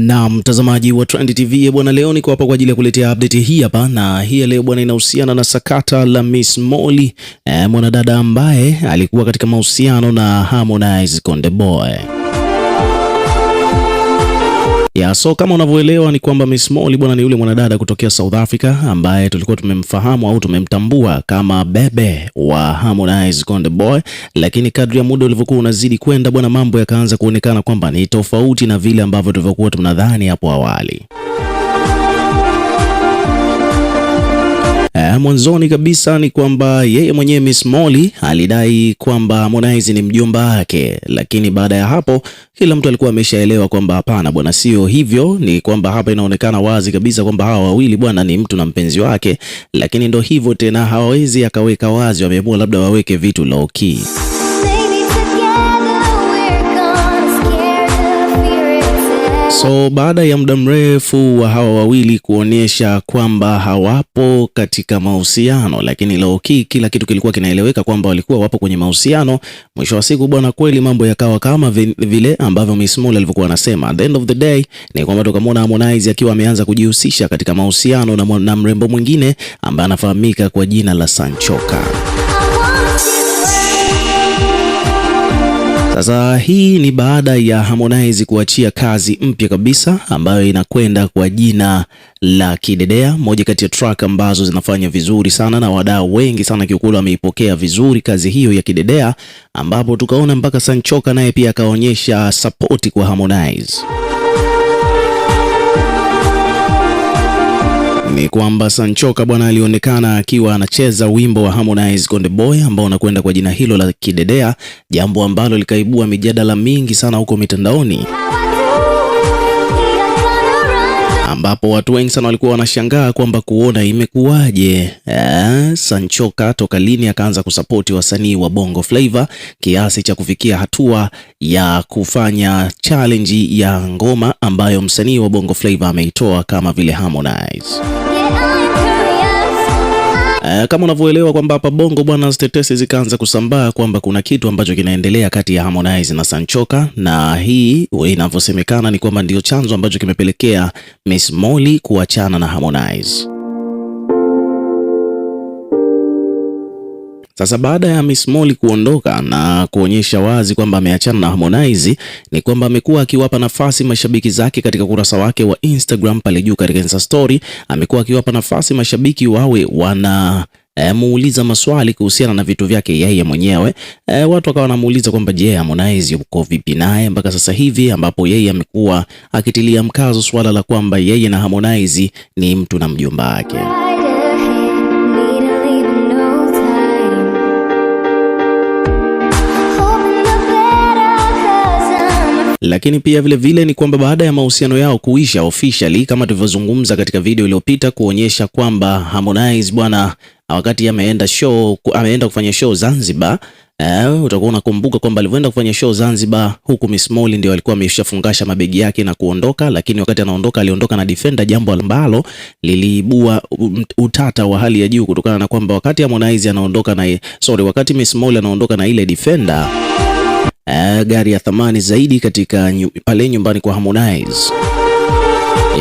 Na mtazamaji wa Trend TV eh, bwana, leo niko hapa kwa ajili ya kuletea update hii hapa, na hii leo bwana inahusiana na sakata la Miss Molly, eh, mwanadada ambaye alikuwa katika mahusiano na Harmonize Konde Boy. Yeah, so kama unavyoelewa ni kwamba Miss Molly bwana ni yule mwanadada kutokea South Africa ambaye tulikuwa tumemfahamu au tumemtambua kama bebe wa Harmonize Konde Boy, lakini kadri ya muda ulivyokuwa unazidi kwenda bwana, mambo yakaanza kuonekana kwamba ni tofauti na vile ambavyo tulivyokuwa tunadhani hapo awali. E, mwanzoni kabisa ni kwamba yeye mwenyewe Miss Molly alidai kwamba Harmonize ni mjomba wake, lakini baada ya hapo kila mtu alikuwa ameshaelewa kwamba hapana bwana, sio hivyo. Ni kwamba hapa inaonekana wazi kabisa kwamba hawa wawili bwana ni mtu na mpenzi wake, lakini ndo hivyo tena, hawawezi akaweka wazi, wameamua labda waweke vitu low key. So baada ya muda mrefu wa hawa wawili kuonyesha kwamba hawapo katika mahusiano, lakini leo kila kitu kilikuwa kinaeleweka kwamba walikuwa wapo kwenye mahusiano. Mwisho wa siku bwana, kweli mambo yakawa kama vile ambavyo Miss Mool alivyokuwa anasema. At the end of the day ni kwamba tukamwona Harmonize akiwa ameanza kujihusisha katika mahusiano na mrembo mwingine ambaye anafahamika kwa jina la Sanchoka. Sasa hii ni baada ya Harmonize kuachia kazi mpya kabisa ambayo inakwenda kwa jina la Kidedea, moja kati ya track ambazo zinafanya vizuri sana na wadau wengi sana kiukula wameipokea vizuri kazi hiyo ya Kidedea, ambapo tukaona mpaka Sanchoka naye pia akaonyesha sapoti kwa Harmonize. ni kwamba Sanchoka bwana alionekana akiwa anacheza wimbo wa Harmonize Konde Boy ambao unakwenda kwa jina hilo la Kidedea, jambo ambalo likaibua mijadala mingi sana huko mitandaoni ambapo watu wengi sana walikuwa wanashangaa kwamba kuona imekuwaje eh, Sanchoka toka lini akaanza kusapoti wasanii wa Bongo Flava kiasi cha kufikia hatua ya kufanya challenge ya ngoma ambayo msanii wa Bongo Flava ameitoa kama vile Harmonize. Yeah. Uh, kama unavyoelewa kwamba hapa Bongo bwana, tetesi zikaanza kusambaa kwamba kuna kitu ambacho kinaendelea kati ya Harmonize na Sanchoka, na hii inavyosemekana ni kwamba ndio chanzo ambacho kimepelekea Miss Molly kuachana na Harmonize. Sasa baada ya Miss Molly kuondoka na kuonyesha wazi kwamba ameachana na Harmonize, ni kwamba amekuwa akiwapa nafasi mashabiki zake katika ukurasa wake wa Instagram pale juu katika Insta story, amekuwa akiwapa nafasi mashabiki wawe wana E, muuliza maswali kuhusiana na vitu vyake yeye mwenyewe e, watu wakawa wanamuuliza kwamba je, Harmonize uko vipi naye mpaka sasa hivi, ambapo yeye amekuwa akitilia mkazo suala la kwamba yeye na Harmonize ni mtu na mjomba wake. Lakini pia vile vile ni kwamba baada ya mahusiano yao kuisha officially, kama tulivyozungumza katika video iliyopita, kuonyesha kwamba Harmonize bwana, wakati ameenda show, ameenda kufanya show Zanzibar. Uh, utakuwa unakumbuka kwamba alivyoenda kufanya show Zanzibar huku Miss Molly ndio alikuwa ameshafungasha mabegi yake na kuondoka, lakini wakati anaondoka aliondoka na Defender, jambo ambalo liliibua utata wa hali ya juu kutokana na kwamba wakati Harmonize anaondoka na sorry, wakati Miss Molly anaondoka na ile Defender uh, gari ya thamani zaidi katika nyu, pale nyumbani kwa Harmonize.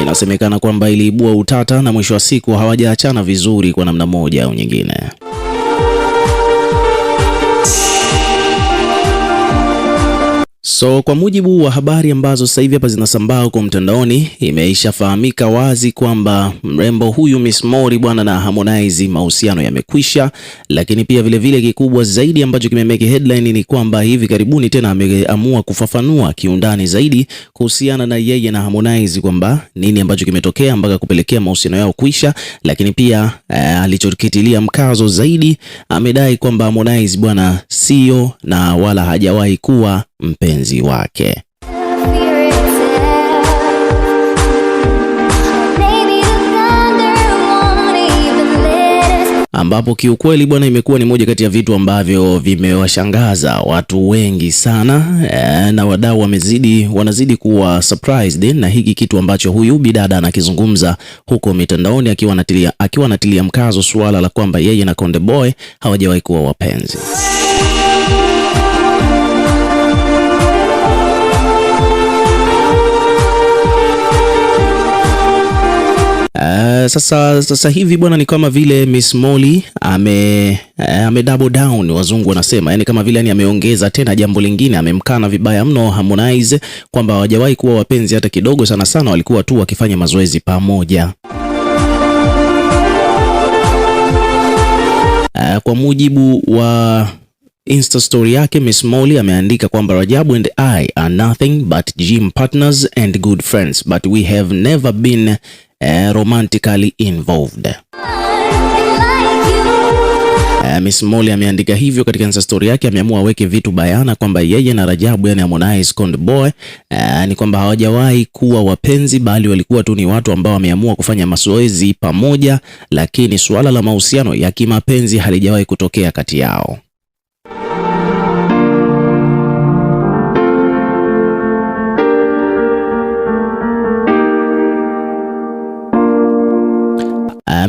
Inasemekana kwamba iliibua utata na mwisho wa siku hawajaachana vizuri kwa namna moja au nyingine. So kwa mujibu wa habari ambazo sasa hivi hapa zinasambaa huko mtandaoni, imeishafahamika wazi kwamba mrembo huyu Miss Mori bwana na Harmonize mahusiano yamekwisha, lakini pia vilevile vile kikubwa zaidi ambacho kimemeke headline ni kwamba hivi karibuni tena ameamua kufafanua kiundani zaidi kuhusiana na yeye na Harmonize kwamba nini ambacho kimetokea mpaka kupelekea mahusiano yao kuisha, lakini pia eh, alichokitilia mkazo zaidi amedai kwamba Harmonize bwana sio na wala hajawahi kuwa mpenzi wake. ambapo kiukweli bwana, imekuwa ni moja kati ya vitu ambavyo vimewashangaza watu wengi sana e, na wadau wamezidi wanazidi kuwa surprised na hiki kitu ambacho huyu bidada anakizungumza huko mitandaoni, akiwa anatilia akiwa anatilia mkazo suala la kwamba yeye na Konde Boy hawajawahi kuwa wapenzi. sasa, sasa hivi bwana, ni kama vile Miss Molly ame eh, ame double down, wazungu wanasema, yani kama vile yani ameongeza tena jambo lingine, amemkana vibaya mno Harmonize kwamba hawajawahi kuwa wapenzi hata kidogo, sana sana walikuwa tu wakifanya mazoezi pamoja. Eh, kwa mujibu wa Insta story yake Miss Molly ameandika kwamba Rajabu and I are nothing but gym partners and good friends but we have never been eh, romantically involved. Eh, Miss Molly ameandika hivyo katika Insta story yake, ameamua aweke vitu bayana kwamba yeye na Rajabu, yani Harmonize Konde Boy, uh, ni kwamba hawajawahi kuwa wapenzi, bali walikuwa tu ni watu ambao wameamua kufanya mazoezi pamoja, lakini suala la mahusiano ya kimapenzi halijawahi kutokea kati yao.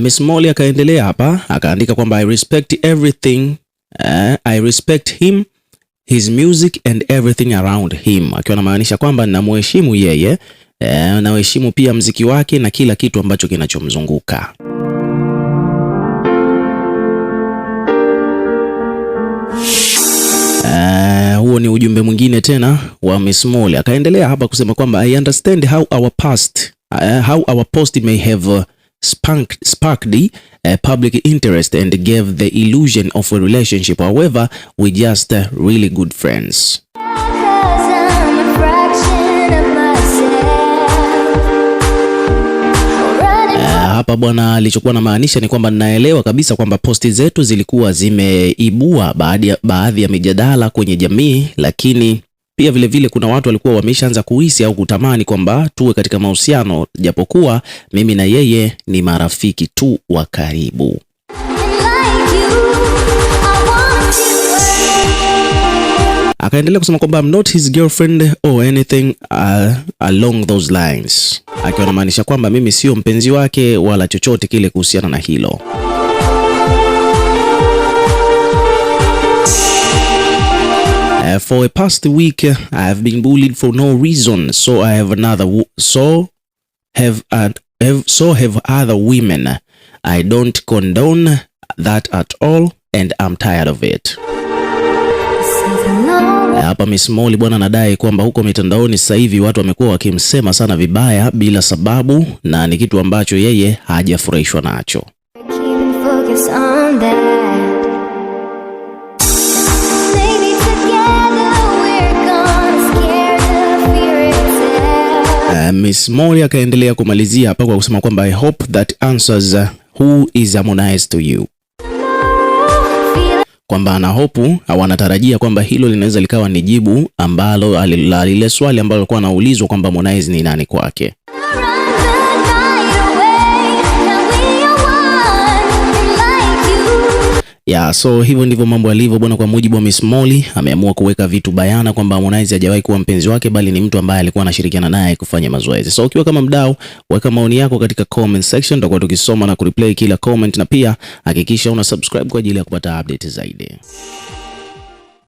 Miss Molly akaendelea hapa akaandika kwamba I respect everything uh, I respect him his music and everything around him, akiwa anamaanisha kwamba namuheshimu yeye eh, nawaheshimu pia mziki wake na kila kitu ambacho kinachomzunguka. Eh, huo ni ujumbe mwingine tena wa Miss Molly. Akaendelea hapa kusema kwamba I understand how our past, uh, how our post may have sparked, sparked uh, public interest and gave the illusion of a relationship. However, we just uh, really good friends. Uh, hapa bwana, alichokuwa na maanisha ni kwamba ninaelewa kabisa kwamba posti zetu zilikuwa zimeibua baadhi ya, baadhi ya mijadala kwenye jamii, lakini pia vilevile vile kuna watu walikuwa wameshaanza kuhisi au kutamani kwamba tuwe katika mahusiano, japokuwa mimi na yeye ni marafiki tu wa karibu. Akaendelea kusema kwamba I'm not his girlfriend or anything uh, along those lines, akiwa anamaanisha kwamba mimi sio mpenzi wake wala chochote kile kuhusiana na hilo. Uh, for a past week, I have been bullied for no reason, so I have another so have, and uh, have so have other women. I don't condone that at all and I'm tired of it. Hapa Miss Molly bwana anadai kwamba huko mitandaoni sasa hivi watu wamekuwa wakimsema sana vibaya bila sababu, na ni kitu ambacho yeye hajafurahishwa nacho. Miss Molly akaendelea kumalizia hapa kwa kusema kwamba I hope that answers uh, who is Harmonized to you, kwamba ana hopu au anatarajia kwamba hilo linaweza likawa ni jibu ambalo la lile swali ambalo alikuwa anaulizwa kwamba Harmonize ni nani kwake. Yeah, so hivyo ndivyo mambo yalivyo bwana. Kwa mujibu wa Miss Molly, ameamua kuweka vitu bayana kwamba Harmonize hajawahi kuwa mpenzi wake, bali ni mtu ambaye alikuwa anashirikiana naye kufanya mazoezi. So ukiwa kama mdau, weka maoni yako katika comment section, tutakuwa tukisoma na kureplay kila comment, na pia hakikisha una subscribe kwa ajili ya kupata update zaidi.